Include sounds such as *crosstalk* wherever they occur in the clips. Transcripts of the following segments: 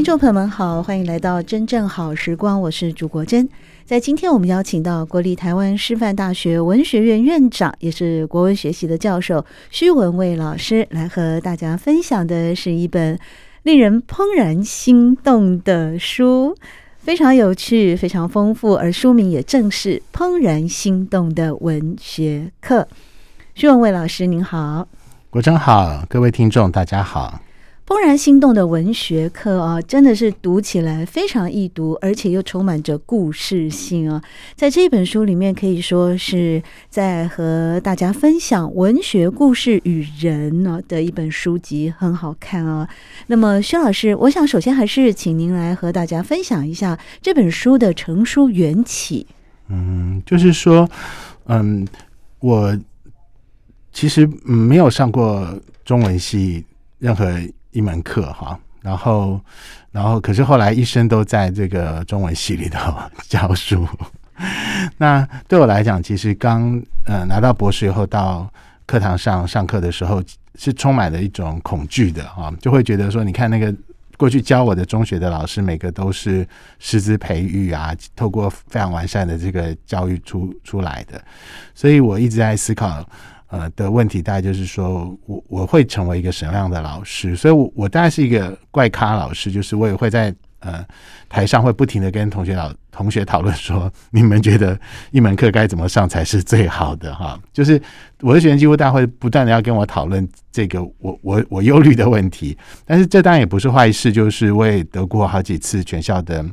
聽眾朋友們好，歡迎來到真正好時光，我是朱國珍。在今天，我們邀請到國立台灣師範大學文學院院長，也是國文學習的教授須文蔚老師，來和大家分享的是一本令人怦然心動的書，非常有趣，非常豐富，而書名也正是《怦然心動的文學課》。須文蔚老師，您好，國珍好，各位聽眾大家好。怦然心動的文學課啊，真的是讀起來非常易讀，而且又充滿着故事性啊！在這本書裡面，可以說是在和大家分享文學故事與人呢的一本書籍，很好看啊。那麼，須老師，我想首先還是請您來和大家分享一下這本書的成書緣起。嗯，就是說，嗯，我其實沒有上過中文系任何。一門課哈，然後，然後，可是後來一生都在這個中文系裡頭教書。 *laughs* 那對我來講，其實剛呃拿到博士以後，到課堂上上課的時候，是充滿了一種恐懼的啊，就會覺得說，你看那個過去教我的中學的老師，每個都是師資培育啊，透過非常完善的這個教育出出來的，所以我一直在思考呃的問題，大概就是說我我會成為一個什麼樣的老師？所以我，我我大概是一個怪咖老師，就是我也會在呃台上會不停的跟同學老同學討論說，你們覺得一門課該怎麼上才是最好的？哈，就是我的學生幾乎大家會不斷的要跟我討論這個我，我我我憂慮的問題，但是這當然也不是壞事，就是我也得過好幾次全校的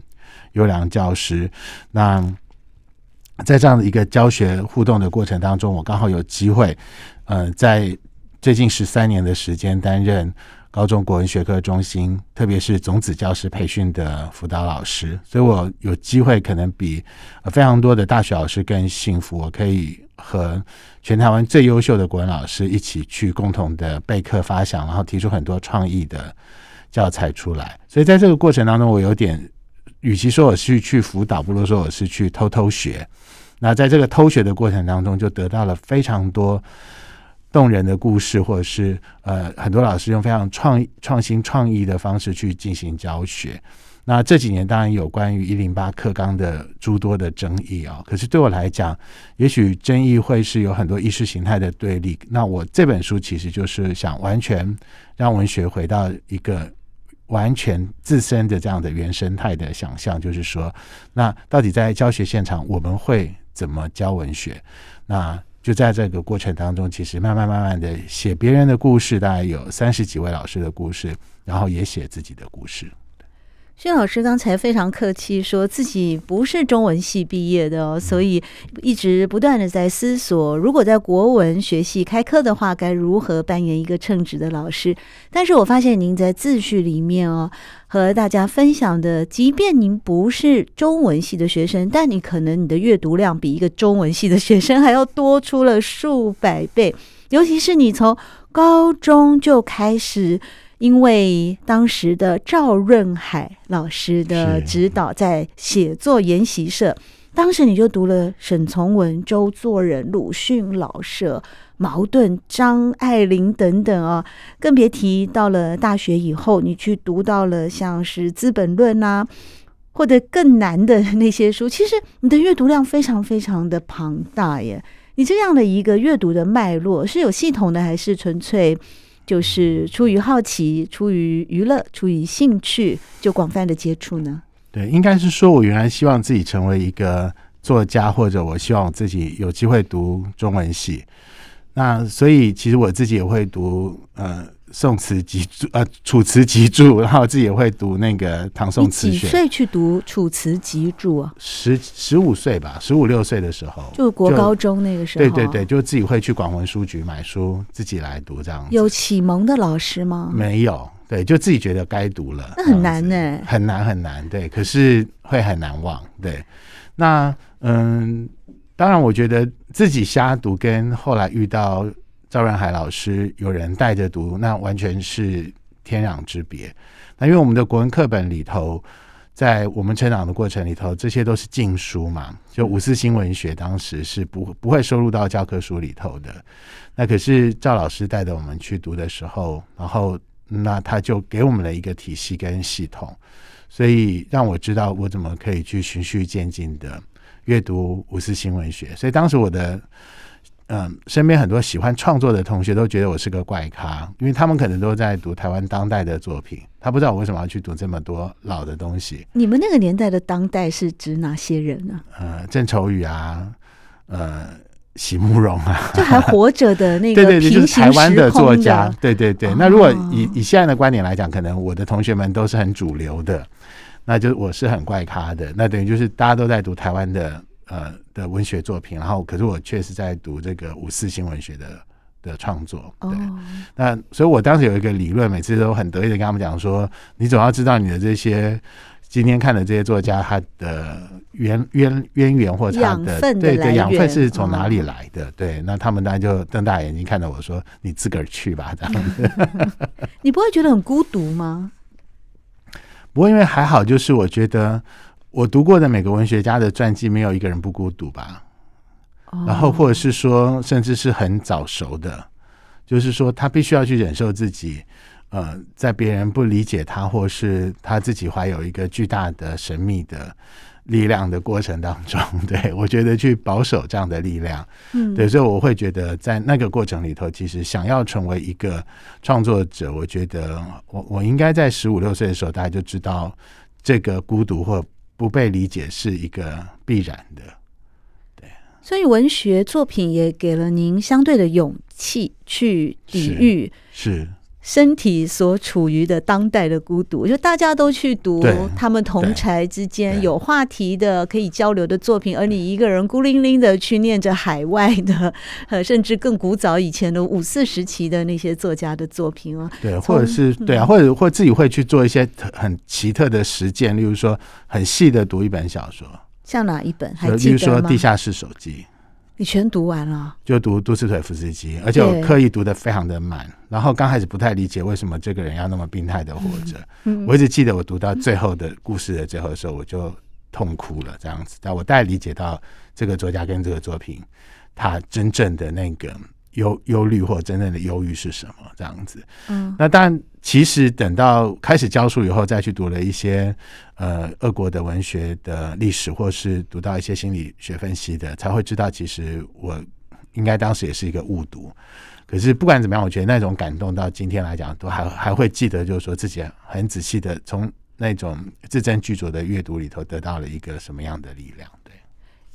優良教師，那。在這樣的一個教學互動的過程當中，我剛好有機會，嗯、呃，在最近十三年的時間擔任高中國文學科中心，特別是種子教師培訓的輔導老師，所以我有機會可能比，呃，非常多的大學老師更幸福。我可以和全台灣最優秀的國文老師一起去共同的備課、發想，然後提出很多創意的教材出來。所以在這個過程當中，我有點，與其說我是去輔導，不如說我是去偷偷學。那在這個偷學的過程當中，就得到了非常多動人的故事，或者是呃，很多老師用非常創創新創意的方式去進行教學。那這幾年當然有關於一零八課綱的諸多的爭議啊、哦，可是對我來講，也許爭議會是有很多意識形態的對立。那我這本書其實就是想完全讓文學回到一個完全自身的這樣的原生態的想象，就是說，那到底在教學現場我們會。怎麼教文學？那就在這個過程當中，其實慢慢慢慢的寫別人的故事，大概有三十幾位老師的故事，然後也寫自己的故事。須老師剛才非常客氣說，說自己不是中文系畢業的哦，嗯、所以一直不斷的在思索，如果在國文學系開課的話，該如何扮演一個稱職的老師？但是我發現您在自序裡面哦。和大家分享的，即便您不是中文系的學生，但你可能你的閱讀量比一個中文系的學生還要多出了數百倍。尤其是你從高中就開始，因為當時的趙潤海老師的指導，在寫作研習社，當時你就讀了沈從文、周作人、魯迅、老舍。矛盾、張愛玲等等啊、哦，更別提到了大學以後，你去讀到了像是《資本論》啊，或者更難的那些書，其實你的閱讀量非常非常的龐大耶。你這樣的一個閱讀的脈絡是有系統的，還是純粹就是出於好奇、出於娛樂、出於興趣就廣泛的接觸呢？對，應該是說我原來希望自己成為一個作家，或者我希望我自己有機會讀中文系。那所以其實我自己也會讀呃《宋詞集注》呃《楚辭集注》，然後自己也會讀那個唐宋詞選。你幾歲去讀《楚辭集注》啊？十十五歲吧，十五六歲的時候，就國高中那個時候。對對對，就自己會去廣文書局買書，自己來讀這樣子。有啟蒙的老師嗎？沒有，對，就自己覺得該讀了。那很難呢。欸，很難很難，對，可是會很難忘。對，那嗯。呃當然，我覺得自己瞎讀，跟後來遇到趙潤海老師，有人帶着讀，那完全是天壤之別。那因為我們的國文課本裡頭，在我們成長的過程裡頭，這些都是禁書嘛，就五四新文學，當時是不不會收入到教科書裡頭的。那可是趙老師帶着我們去讀的時候，然後那他就給我們了一個體系跟系統，所以讓我知道我怎麼可以去循序漸進的。閱讀五四新文學，所以當時我的嗯、呃，身邊很多喜歡創作的同學都覺得我是個怪咖，因為他們可能都在讀台灣當代的作品，他不知道我為什麼要去讀這麼多老的東西。你們那個年代的當代是指哪些人呢？呃，鄭愁予啊，呃，席、啊呃、慕蓉啊，就還活着的那個的， *laughs* 對，對對，就是台灣的作家的，對對對。那如果以以現在的觀點來講，可能我的同學們都是很主流的。那就是我是很怪咖的，那等於就是大家都在讀台灣的呃的文學作品，然後可是我確實在讀這個五四新文學的的創作。對。Oh. 那所以我當時有一個理論，每次都很得意的跟他們講說，你總要知道你的這些今天看的這些作家他的淵淵淵源或者他的,的對的養分是從哪裡來的。哦。對。那他們當然就瞪大眼睛看着我說：“你自個兒去吧。”這樣子。子 *laughs* 你不會覺得很孤獨嗎？不過，因為還好，就是我覺得我讀過的每個文學家的傳記，沒有一個人不孤獨吧。然後，或者是說，甚至是很早熟的，就是說，他必須要去忍受自己，呃，在別人不理解他，或是他自己懷有一個巨大的神秘的。力量的過程當中，對，我覺得去保守這樣的力量，嗯，對，所以我會覺得在那個過程裡頭，其實想要成為一個創作者，我覺得我我應該在十五六歲的時候，大家就知道這個孤獨或不被理解是一個必然的，對。所以文學作品也給了您相對的勇氣去抵禦，是。是身體所處於的當代的孤獨，就大家都去讀他們同儕之間有話題的、可以交流的作品，而你一個人孤零零的去念着海外的，甚至更古早以前的五四時期的那些作家的作品啊。對，或者是對啊，或者或者自己會去做一些很奇特的實踐，例如說很細的讀一本小說，像哪一本還記得嗎？例如說《地下室手記你全讀完了，就讀杜斯妥夫斯基，而且我刻意讀得非常的慢。然後剛開始不太理解為什麼這個人要那麼病態的活着，嗯。我一直記得我讀到最後的故事的最後的時候，嗯，我就痛哭了這樣子。但我大概理解到這個作家跟這個作品，他真正的那個。憂憂慮或真正的憂鬱是什麼？這樣子，嗯，那但其實等到開始教書以後，再去讀了一些呃俄國的文學的歷史，或是讀到一些心理學分析的，才會知道，其實我應該當時也是一個誤讀。可是不管怎麼樣，我覺得那種感動到今天來講，都還還會記得，就是說自己很仔細的從那種字斟句酌的閱讀裡頭，得到了一個什麼樣的力量？對。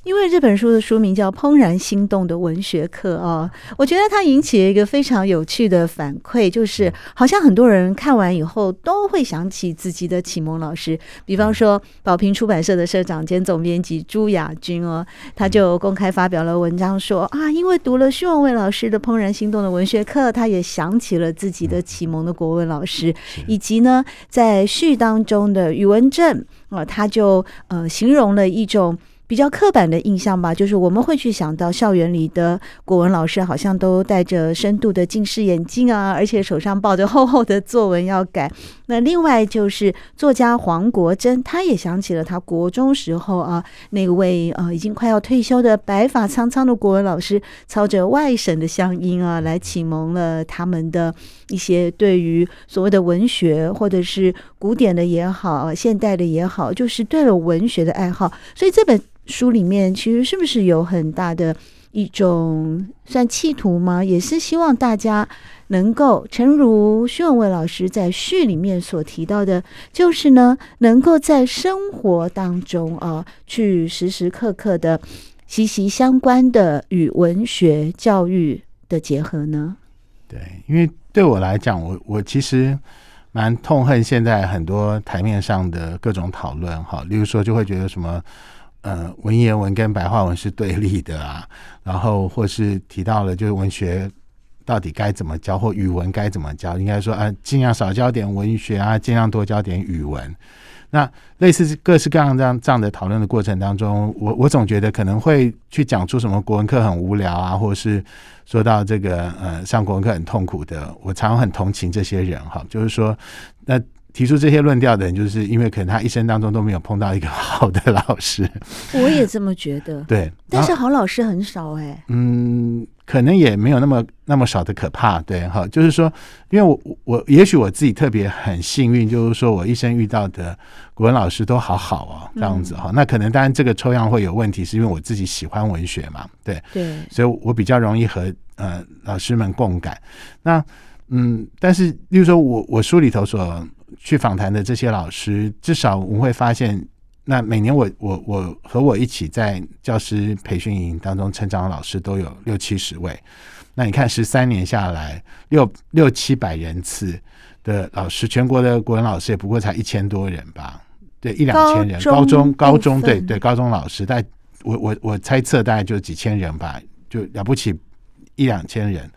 因為這本書的書名叫《怦然心動的文學課》哦，啊，我覺得它引起了一個非常有趣的反饋，就是好像很多人看完以後都會想起自己的啟蒙老師。比方說，寶瓶出版社的社長兼總編輯朱亞君哦，他就公開發表了文章說啊，因為讀了須文蔚老師的《怦然心動的文學課》，他也想起了自己的啟蒙的國文老師，以及呢，在序當中的宇文正啊，他就呃形容了一種，比較刻板的印象吧，就是我們會去想到校園裡的國文老師，好像都戴着深度的近視眼鏡啊，而且手上抱着厚厚的作文要改。那另外就是作家黃國珍，他也想起了他國中時候啊，那個位呃啊已經快要退休的白髮蒼蒼的國文老師，操着外省的鄉音啊，來啟蒙了他們的一些對於所謂的文學或者是。古典的也好，現代的也好，就是對了文學的愛好。所以這本書裡面，其實是不是有很大的一種算企圖嗎？也是希望大家能夠，誠如須文蔚老師在序裡面所提到的，就是呢，能夠在生活當中啊，去時時刻刻的、息息相關的與文學教育的結合呢？對，因為對我來講，我我其實。蠻痛恨現在很多台面上的各種討論，哈，例如說就會覺得什麼，呃，文言文跟白話文是對立的啊，然後或是提到了就是文學到底該怎麼教，或語文該怎麼教，應該說啊，儘量少教點文學啊，儘量多教點語文。那類似各式各樣這樣這樣的討論的過程當中，我我總覺得可能會去講出什麼國文課很無聊啊，或者是說到這個呃上國文課很痛苦的，我常很同情這些人哈，就是說那。提出這些論調的人，就是因為可能他一生當中都沒有碰到一個好的老師。我也這麼覺得。 *laughs* 對，但是好老師很少哎、欸。嗯，可能也沒有那麼那麼少的可怕。對哈，就是說，因為我我也許我自己特別很幸運，就是說我一生遇到的古文老師都好好哦、喔嗯。這樣子哈。那可能當然這個抽樣會有問題，是因為我自己喜歡文學嘛。對對，所以我比較容易和呃老師們共感。那嗯，但是例如說我我書裡頭所去訪談的這些老師，至少我們會發現，那每年我我我和我一起在教師培訓營當中成長的老師都有六七十位。那你看，十三年下來，六六七百人次的老師，全國的國文老師也不過才一千多人吧？對，一兩千人，高中高中，高中高中對對，高中老師，大概我我我猜測大概就幾千人吧，就了不起一兩千人，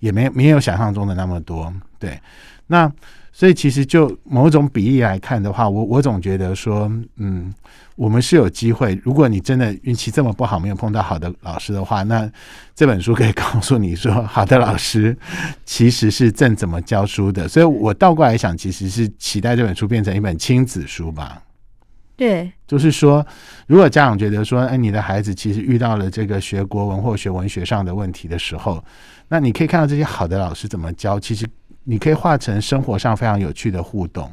也沒沒有想象中的那麼多。對，那。所以其實就某種比例來看的話，我我總覺得說，嗯，我們是有機會。如果你真的運氣這麼不好，沒有碰到好的老師的話，那這本書可以告訴你說，好的老師其實是正怎麼教書的。所以我倒過來想，其實是期待這本書變成一本親子書吧。對，就是說，如果家長覺得說，哎，你的孩子其實遇到了這個學國文或學文學上的問題的時候，那你可以看到這些好的老師怎麼教，其實。你可以化成生活上非常有趣的互動，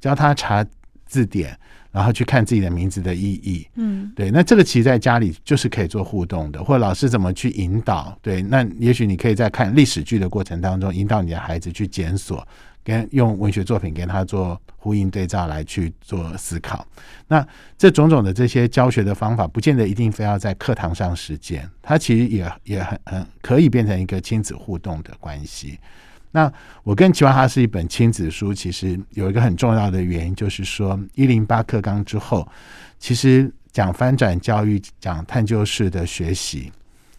教他查字典，然後去看自己的名字的意義。嗯，對。那這個其實在家裡就是可以做互動的，或者老師怎麼去引導？對，那也許你可以在看歷史劇的過程當中引導你的孩子去檢索，跟用文學作品跟他做呼應對照來去做思考。那這種種的這些教學的方法，不見得一定非要在課堂上實踐，它其實也也很很可以變成一個親子互動的關係。那我更期望它是一本親子書。其實有一個很重要的原因，就是說一零八課綱之後，其實講翻轉教育、講探究式的學習。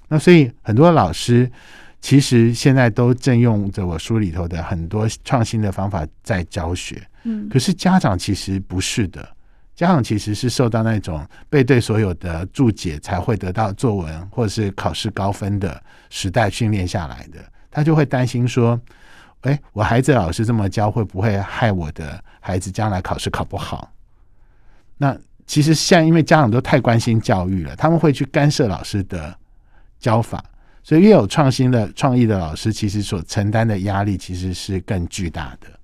那所以很多老師其實現在都正用着我書裡頭的很多創新的方法在教學。嗯，可是家長其實不是的，家長其實是受到那種背對所有的注解才會得到作文或者是考試高分的時代訓練下來的。他就會擔心說：“誒、欸，我孩子老師這麼教，會不會害我的孩子將來考試考不好？”那其實像，像因為家長都太關心教育了，他們會去干涉老師的教法，所以越有創新的、創意的老師，其實所承擔的壓力其實是更巨大的。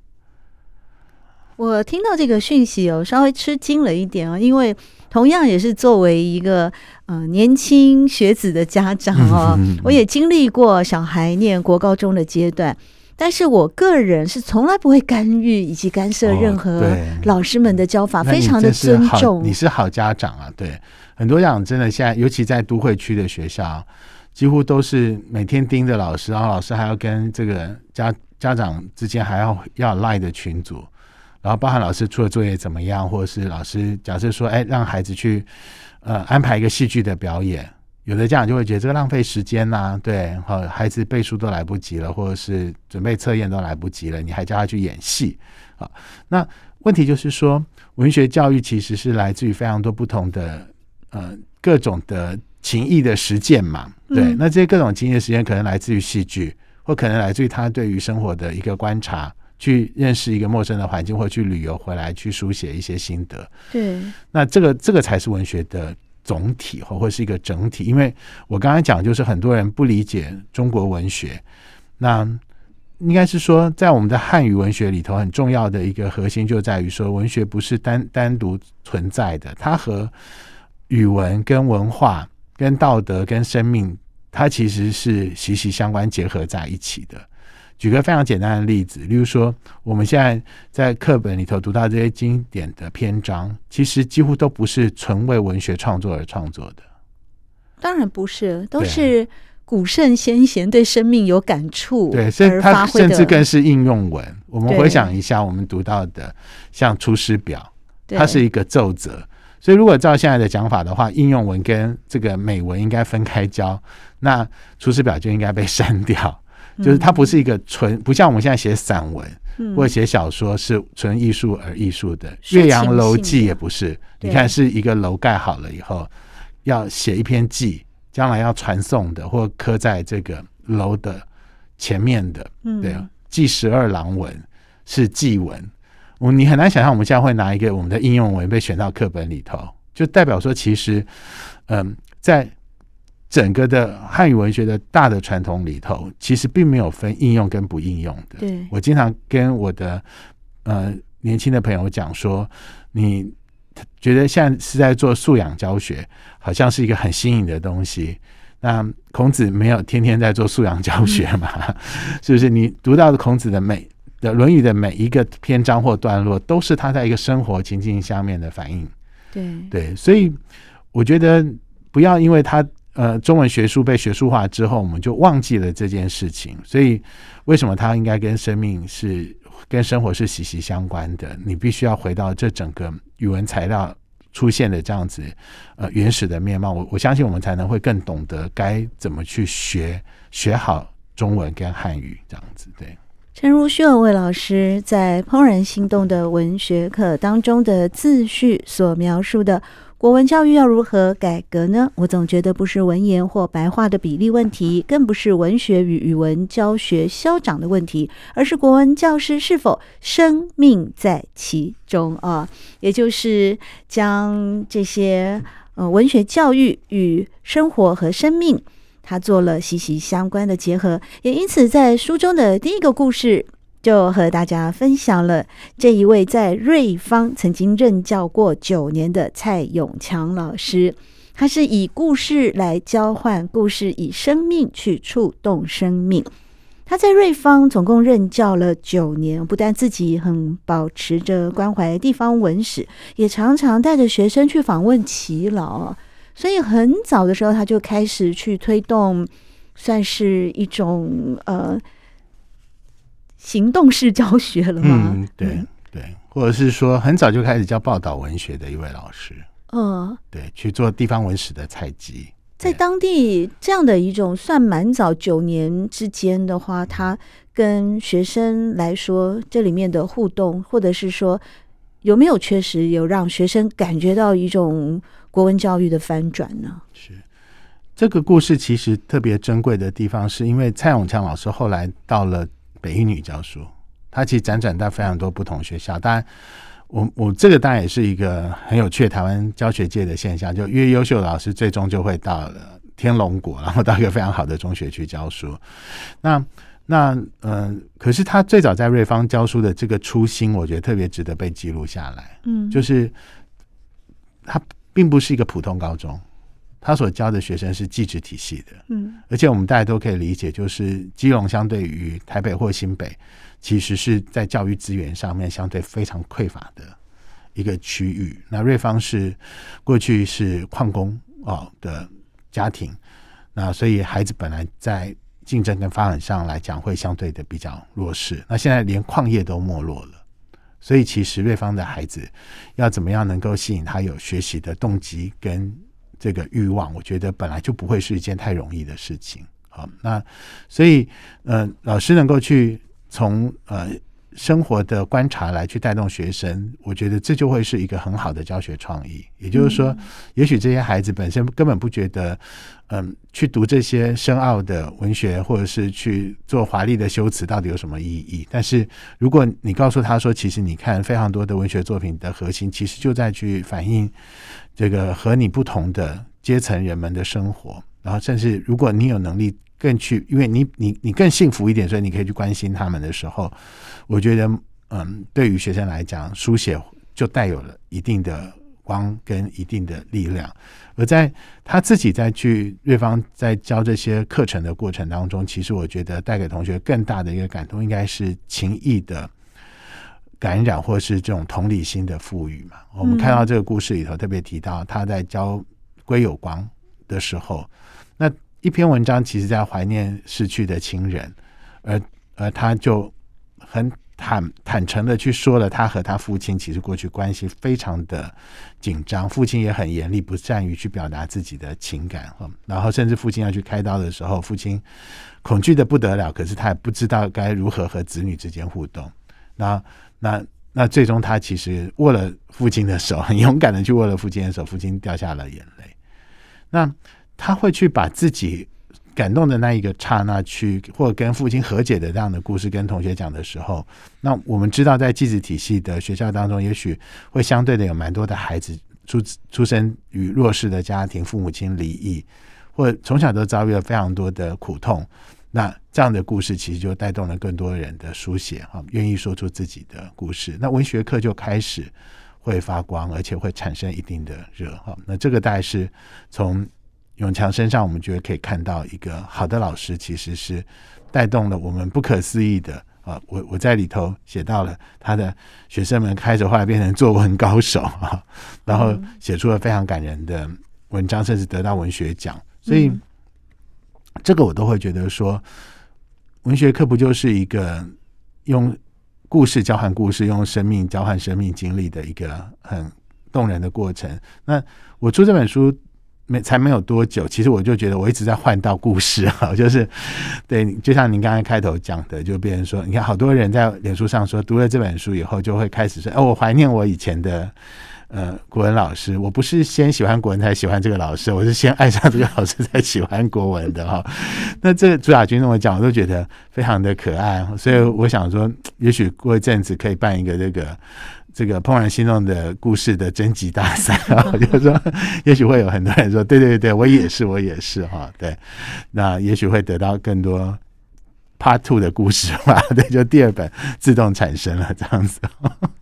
我聽到這個訊息哦，稍微吃驚了一點哦。因為同樣也是作為一個呃年輕學子的家長哦， *laughs* 我也經歷過小孩念國高中的階段，但是我個人是從來不會干預以及干涉任何老師們的教法，哦、非常的尊重你。你是好家長啊，對，很多家長真的現在，尤其在都會區的學校，幾乎都是每天盯着老師啊，老師還要跟這個家家長之間還要要賴的群組。然後，包含老師出的作業怎麼樣，或者是老師假設說，哎，讓孩子去呃安排一個戲劇的表演，有的家長就會覺得這個浪費時間吶、啊，對，然、哦、孩子背書都來不及了，或者是準備測驗都來不及了，你還叫他去演戲啊、哦？那問題就是說，文學教育其實是來自於非常多不同的呃各種的情意的實踐嘛，對，嗯、那這些各種情意的實踐可能來自於戲劇，或可能來自於他對於生活的一個觀察。去認識一個陌生的環境，或去旅遊回來，去書寫一些心得。對，那這個這個才是文學的總體，或或是一個整體。因為我剛才講，就是很多人不理解中國文學。那應該是說，在我們的漢語文學裡頭，很重要的一個核心就在於說，文學不是單單獨存在的，它和語文、跟文化、跟道德、跟生命，它其實是息息相關、結合在一起的。舉個非常簡單的例子，例如說，我們現在在課本裡頭讀到這些經典的篇章，其實幾乎都不是純為文學創作而創作的。當然不是，都是古聖先賢對生命有感觸，對，所以它甚至更是應用文。嗯，我們回想一下，我們讀到的像《出師表》對，它是一個奏摺。所以，如果照現在的講法的話，應用文跟這個美文應該分開教，那《出師表》就應該被刪掉。就是它不是一個純、嗯、不像我們現在寫散文、嗯、或者寫小說是純藝術而藝術的，《岳陽樓記》也不是，你看是一個樓蓋好了以後，要寫一篇記，將來要傳送的或刻在這個樓的前面的，嗯、對啊，《祭十二郎文》是祭文，我你很難想象我們現在會拿一個我們的應用文，文被選到課本裡頭，就代表說其實，嗯，在。整個的漢語文學的大的傳統裡頭，其實並沒有分應用跟不應用的。對，我經常跟我的呃年輕的朋友講說，你覺得現在是在做素養教學，好像是一個很新穎的東西。那孔子沒有天天在做素養教學嘛？嗯、 *laughs* 是不是？你讀到的孔子的每的《論語》的每一個篇章或段落，都是他在一個生活情境下面的反應。對對，所以我覺得不要因為他。呃，中文學術被學術化之後，我們就忘記了這件事情。所以，為什麼它應該跟生命是、跟生活是息息相關的？你必須要回到這整個語文材料出現的這樣子，呃，原始的面貌。我我相信，我們才能會更懂得該怎麼去學學好中文跟漢語這樣子。對，誠如須文蔚老師在《怦然心動的文學課》當中的自序所描述的。國文教育要如何改革呢？我總覺得不是文言或白話的比例問題，更不是文學與語文教學消長的問題，而是國文教師是否生命在其中啊、哦！也就是將這些呃文學教育與生活和生命，它做了息息相關的結合，也因此在書中的第一個故事。就和大家分享了這一位在瑞芳曾經任教過九年的蔡永強老師。他是以故事來交換故事，以生命去觸動生命。他在瑞芳總共任教了九年，不但自己很保持着關懷地方文史，也常常帶着學生去訪問耆老。所以很早的時候，他就開始去推動，算是一種呃。行動式教學了嗎？嗯，對對，或者是說很早就開始教報道文學的一位老師，嗯，對，去做地方文史的採集，在當地這樣的一種算蠻早，九年之間的話，嗯，他跟學生來說，這裡面的互動，或者是說有沒有確實有讓學生感覺到一種國文教育的翻轉呢？是這個故事其實特別珍貴的地方，是因為蔡永強老師後來到了。北一女教書，他其實輾轉到非常多不同學校，當然我我這個當然也是一個很有趣台灣教學界的現象，就越優秀的老師最終就會到了天龍國，然後到一個非常好的中學去教書。那那嗯、呃，可是他最早在瑞芳教書的這個初心，我覺得特別值得被記錄下來。嗯，就是他並不是一個普通高中。他所教的學生是技職體系的，嗯，而且我們大家都可以理解，就是基隆相對於台北或新北，其實是在教育資源上面相對非常匱乏的一個區域。那瑞芳是過去是礦工哦的家庭，那所以孩子本來在競爭跟發展上來講，會相對的比較弱勢。那現在連礦業都沒落了，所以其實瑞芳的孩子要怎麼樣能夠吸引他有學習的動機跟。這個欲望，我覺得本來就不會是一件太容易的事情。好，那所以，嗯，呃，老師能夠去從呃。生活的觀察來去帶動學生，我覺得這就會是一個很好的教學創意。也就是說，嗯、也許這些孩子本身根本不覺得，嗯，去讀這些深奧的文學，或者是去做華麗的修辭，到底有什麼意義？但是如果你告訴他說，其實你看非常多的文學作品的核心，其實就在去反映這個和你不同的階層人們的生活。然後，甚至如果你有能力。更去，因為你你你更幸福一點，所以你可以去關心他們的時候，我覺得，嗯，對於學生來講，書寫就帶有了一定的光跟一定的力量。而在他自己在去瑞芳在教這些課程的過程當中，其實我覺得帶給同學更大的一個感動，應該是情誼的感染，或是這種同理心的賦予嘛。我們看到這個故事裡頭特別提到，他在教歸有光的時候，那。一篇文章，其實在懷念逝去的親人，而而他就很坦坦誠的去說了，他和他父親其實過去關係非常的緊張，父親也很嚴厲，不善於去表達自己的情感，嗯，然後甚至父親要去開刀的時候，父親恐懼的不得了，可是他也不知道該如何和子女之間互動。那那那，那最終他其實握了父親的手，很勇敢的去握了父親的手，父親掉下了眼淚。那。他會去把自己感動的那一個剎那去，去或跟父親和解的這樣的故事，跟同學講的時候，那我們知道，在寄宿體系的學校當中，也許會相對的有蠻多的孩子出出生於弱勢的家庭，父母親離異，或從小都遭遇了非常多的苦痛。那這樣的故事其實就帶動了更多人的書寫，哈，願意說出自己的故事。那文學課就開始會發光，而且會產生一定的熱，哈。那這個大概是從。永強身上，我們覺得可以看到一個好的老師，其實是帶動了我們不可思議的啊！我我在裡頭寫到了他的學生們，開始後來變成作文高手啊，然後寫出了非常感人的文章，甚至得到文學獎。所以這個我都會覺得說，文學課不就是一個用故事交換故事，用生命交換生命經歷的一個很動人的過程？那我出這本書。沒才沒有多久，其實我就覺得我一直在換到故事哈，就是對，就像您剛才開頭講的，就別人說，你看好多人在臉書上說，讀了這本書以後就會開始說，哎、呃，我懷念我以前的呃國文老師，我不是先喜歡國文才喜歡這個老師，我是先愛上這個老師才喜歡國文的哈。 *laughs* 那這個朱亞君跟我講，我都覺得非常的可愛，所以我想說，也許過一陣子可以辦一個這個。這個怦然心動的故事的徵集大賽啊，就是說也許會有很多人說，對對對，我也是，我也是哈，對，那也許會得到更多 Part Two 的故事吧？對，就第二本自動產生了這樣子。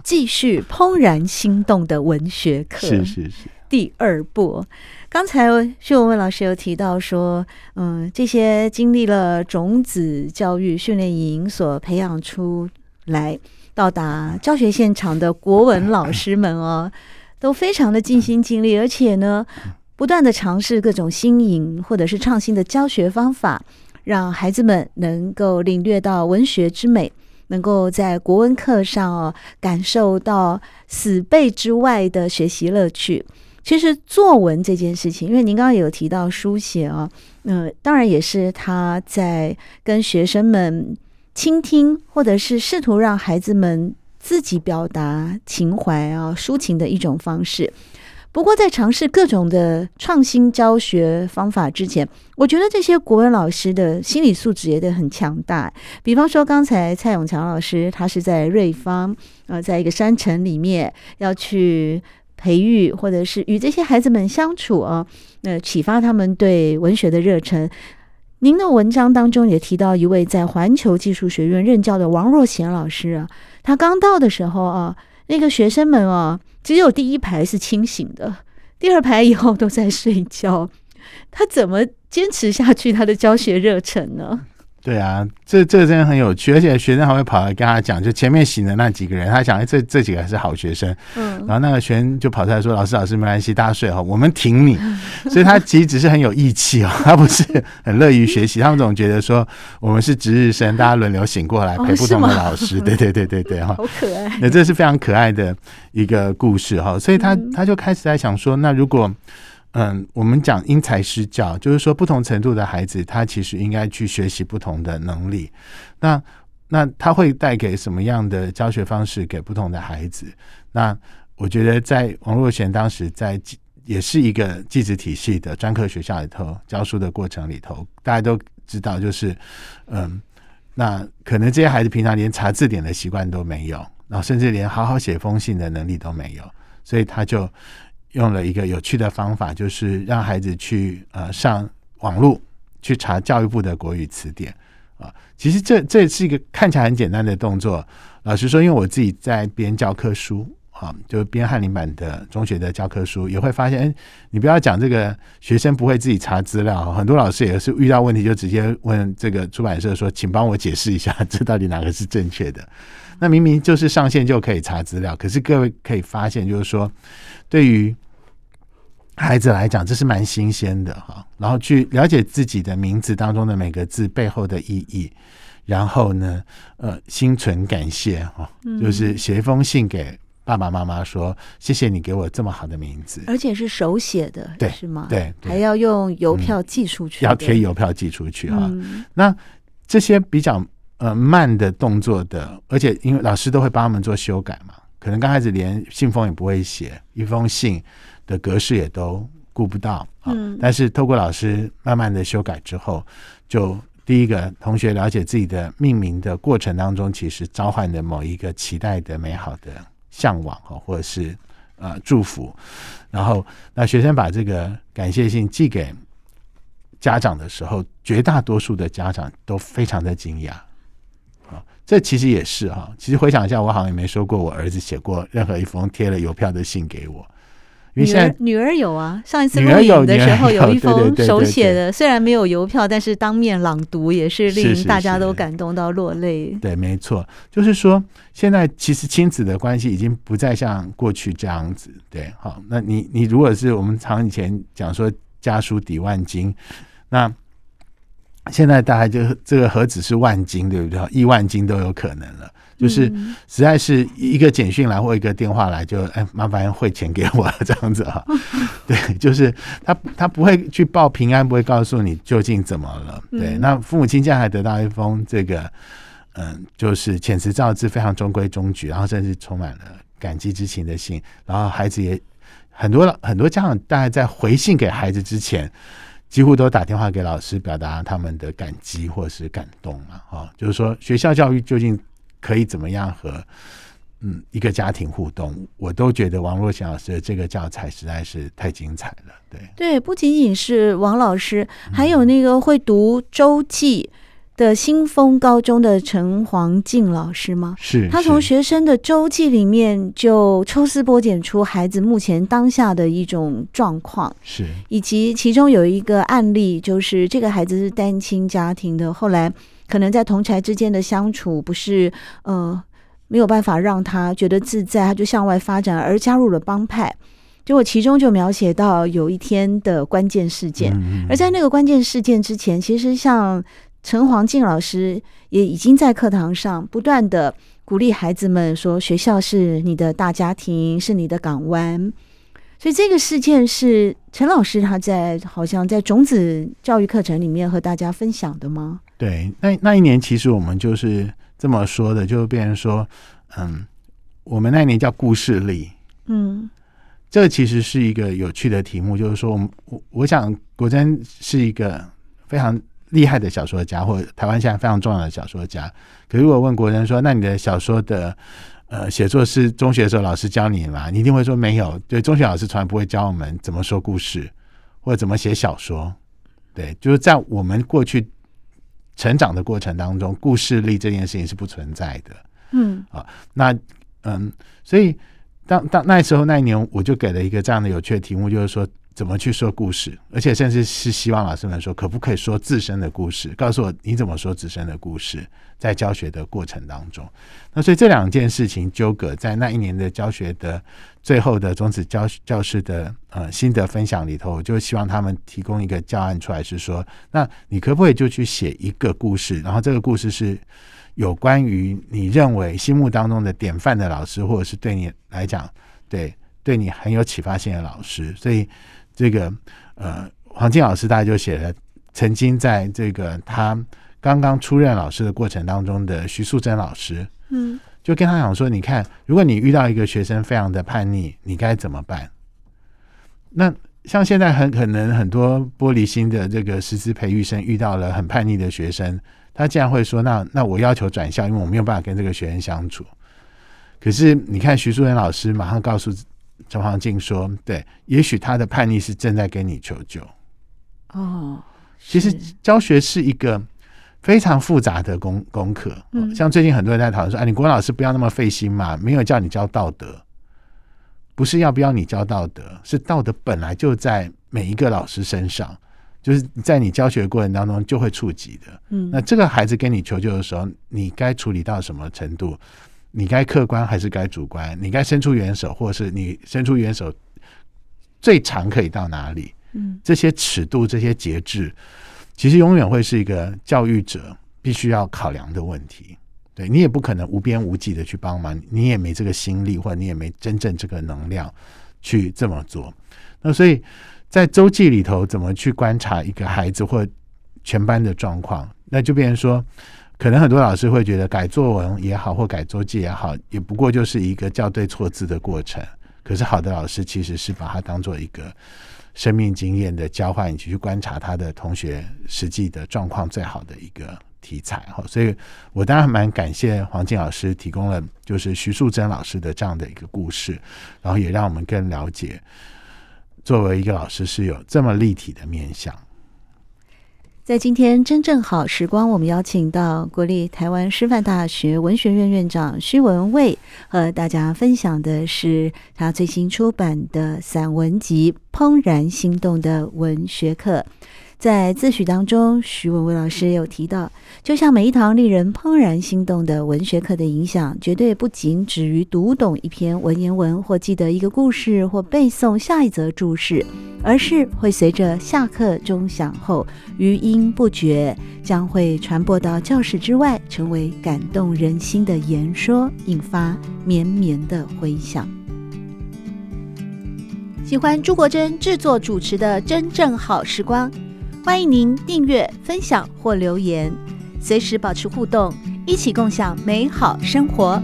繼續怦然心動的文學課，是是是，第二部。剛才須文蔚老師有提到說，嗯，這些經歷了種子教育訓練營所培養出來。到達教學現場的國文老師們哦，都非常的盡心盡力，而且呢，不斷的嘗試各種新穎或者是創新的教學方法，讓孩子們能夠領略到文學之美，能夠在國文課上哦感受到死背之外的學習樂趣。其實作文這件事情，因為您剛剛有提到書寫哦，那、呃、當然也是他在跟學生們。傾聽，或者是試圖讓孩子們自己表達情懷啊、哦、抒情的一種方式。不過，在嘗試各種的創新教學方法之前，我覺得這些國文老師的心理素質也得很強大。比方說，剛才蔡永強老師，他是在瑞芳啊、呃，在一個山城裡面，要去培育或者是與這些孩子們相處啊，那、呃、啟發他們對文學的熱忱。您的文章當中也提到一位在環球技術學院任教的王若賢老師啊，他剛到的時候啊，那個學生們啊，只有第一排是清醒的，第二排以後都在睡覺，他怎麼堅持下去他的教學熱忱呢？對啊，這這個真的很有趣，而且學生還會跑來跟他講，就前面醒的那幾個人，他想哎，這這幾個還是好學生，嗯，然後那個學生就跑出來說：“老師，老師，沒關係，大家睡哈，我們挺你。”所以他其實只是很有義氣哦， *laughs* 他不是很樂於學習，他們總覺得說我們是值日生，大家輪流醒過來陪不同的老師，哦、對對對對對哈，好可愛。那這是非常可愛的一個故事哈，所以他、嗯、他就開始在想說，那如果。嗯，我們講因材施教，就是說不同程度的孩子，他其實應該去學習不同的能力。那那他會帶給什麼樣的教學方式給不同的孩子？那我覺得，在王若賢當時在也是一個技職體系的專科學校裡頭教書的過程裡頭，大家都知道，就是嗯，那可能這些孩子平常連查字典的習慣都沒有，然後甚至連好好寫封信的能力都沒有，所以他就。用了一個有趣的方法，就是讓孩子去呃上網絡去查教育部的國語詞典啊。其實這這是一個看起來很簡單的動作。老實說，因為我自己在編教科書啊，就編翰林版的中學的教科書，也會發現，哎，你不要講這個學生不會自己查資料，很多老師也是遇到問題就直接問這個出版社說，請幫我解釋一下，這到底哪個是正確的。那明明就是上線就可以查資料，可是各位可以發現，就是說，對於孩子來講，這是蠻新鮮的哈。然後去了解自己的名字當中的每個字背後的意義，然後呢，呃，心存感謝哈，就是寫一封信給爸爸媽媽說：“嗯、謝謝你給我這麼好的名字。”而且是手寫的，對，是嗎？對，還要用郵票寄出去，嗯，要貼郵票寄出去哈，嗯啊。那這些比較。呃，慢的動作的，而且因為老師都會幫他們做修改嘛，可能剛開始連信封也不會寫，一封信的格式也都顧不到啊，嗯。但是透過老師慢慢的修改之後，就第一個同學了解自己的命名的過程當中，其實召喚的某一個期待的美好的嚮往啊，或者是呃祝福，然後那學生把這個感謝信寄給家長的時候，絕大多數的家長都非常的驚訝。這其實也是哈，其實回想一下，我好像也沒說過我兒子寫過任何一封貼了郵票的信給我。女兒女兒，女兒有啊，上一次女兒有的時候有一封手寫的對對對對，雖然沒有郵票，但是當面朗讀也是令大家都感動到落淚。是是是對，沒錯，就是說現在其實親子的關係已經不再像過去這樣子。對，好，那你你如果是我們常以前講說家書抵萬金，那。現在大概就這個何止是萬金，對不對？一萬金都有可能了。就是實在是一個簡訊來或一個電話來就，就哎，麻煩匯錢給我這樣子啊。 *laughs* 對，就是他他不會去報平安，不會告訴你究竟怎麼了。對，嗯、那父母親現在還得到一封這個嗯，就是遣詞造字非常中規中矩，然後甚至充滿了感激之情的信。然後孩子也很多很多家長大概在回信給孩子之前。幾乎都打電話給老師表達他們的感激或是感動啊。哈、哦，就是說學校教育究竟可以怎麼樣和嗯一個家庭互動，我都覺得王若祥老師的這個教材實在是太精彩了，對對，不僅僅是王老師，還有那個會讀週記。嗯的新豐高中的陳黃靜老師嗎？是，是，他從學生的周記裡面就抽絲剝繭出孩子目前當下的一種狀況，是，以及其中有一個案例，就是這個孩子是單親家庭的，後來可能在同儕之間的相處不是，呃，沒有辦法讓他覺得自在，他就向外發展，而加入了幫派，結果其中就描寫到有一天的關鍵事件，嗯嗯，而在那個關鍵事件之前，其實像。陳黃靜老師也已經在課堂上不斷的鼓勵孩子們說：“學校是你的大家庭，是你的港灣。”所以這個事件是陳老師他在好像在種子教育課程裡面和大家分享的嗎？對，那那一年其實我們就是這麼說的，就變成說：“嗯，我們那一年叫故事力。”嗯，這其實是一個有趣的題目，就是說我我，我想國真是一個非常。厲害的小說家，或者台灣現在非常重要的小說家。可是如果問國人說：“那你的小說的呃寫作是中學的時候老師教你嗎？”你一定會說沒有。對，中學老師從來不會教我們怎麼說故事，或者怎麼寫小說。對，就是在我們過去成長的過程當中，故事力這件事情是不存在的。嗯，啊，那嗯，所以當當那時候那一年，我就給了一個這樣的有趣的題目，就是說。怎麼去說故事，而且甚至是希望老師們說，可不可以說自身的故事？告訴我你怎麼說自身的故事，在教學的過程當中。那所以這兩件事情糾葛在那一年的教學的最後的種子教教師的呃心得分享裡頭，我就希望他們提供一個教案出來，是說，那你可不可以就去寫一個故事？然後這個故事是有關於你認為心目當中的典範的老師，或者是對你來講，對對你很有啟發性的老師。所以這個呃，黃靜老師大概就寫了，曾經在這個他剛剛出任老師的過程當中的徐素珍老師，嗯，就跟他講說，你看，如果你遇到一個學生非常的叛逆，你該怎麼辦？那像現在很可能很多玻璃心的這個師資培育生遇到了很叛逆的學生，他竟然會說，那那我要求轉校，因為我沒有辦法跟這個學生相處。可是你看，徐素珍老師馬上告訴。陳黃靜說：“對，也許他的叛逆是正在跟你求救。哦，其實教學是一個非常複雜的功功課。嗯。像最近很多人在討論說，哎、啊，你國老師不要那麼費心嘛，沒有叫你教道德，不是要不要你教道德，是道德本來就在每一個老師身上，就是在你教學過程當中就會觸及的。嗯，那這個孩子跟你求救的時候，你該處理到什麼程度？”你該客觀還是該主觀？你該伸出援手，或是你伸出援手最長可以到哪裡？這些尺度，這些節制，其實永遠會是一個教育者，必須要考量的問題。對，你也不可能無邊無際的去幫忙，你也沒這個心力，或者你也沒真正這個能量去這麼做。那所以在周記裡頭，怎麼去觀察一個孩子或全班的狀況？那就變成說。可能很多老師會覺得改作文也好，或改周記也好，也不過就是一個校對錯字的過程。可是好的老師其實是把它當作一個生命經驗的交換，你去觀察他的同學實際的狀況，最好的一個題材。所以，我當然蠻感謝黃靜老師提供了就是徐樹珍老師的這樣的一個故事，然後也讓我們更了解作為一個老師是有這麼立體的面向。在今天真正好時光，我們邀請到國立台灣師範大學文學院院長須文蔚，和大家分享的是他最新出版的散文集《怦然心動的文學課》。在自序當中，須文蔚老師也有提到，就像每一堂令人怦然心動的文學課的影響，絕對不僅止於讀懂一篇文言文，或記得一個故事，或背誦下一則注釋，而是會隨着下課鐘響後餘音不絕，將會傳播到教室之外，成為感動人心的言說，引發綿綿的回響。喜歡朱國珍製作主持的《真正好時光》。歡迎您訂閱、分享或留言，隨時保持互動，一起共享美好生活。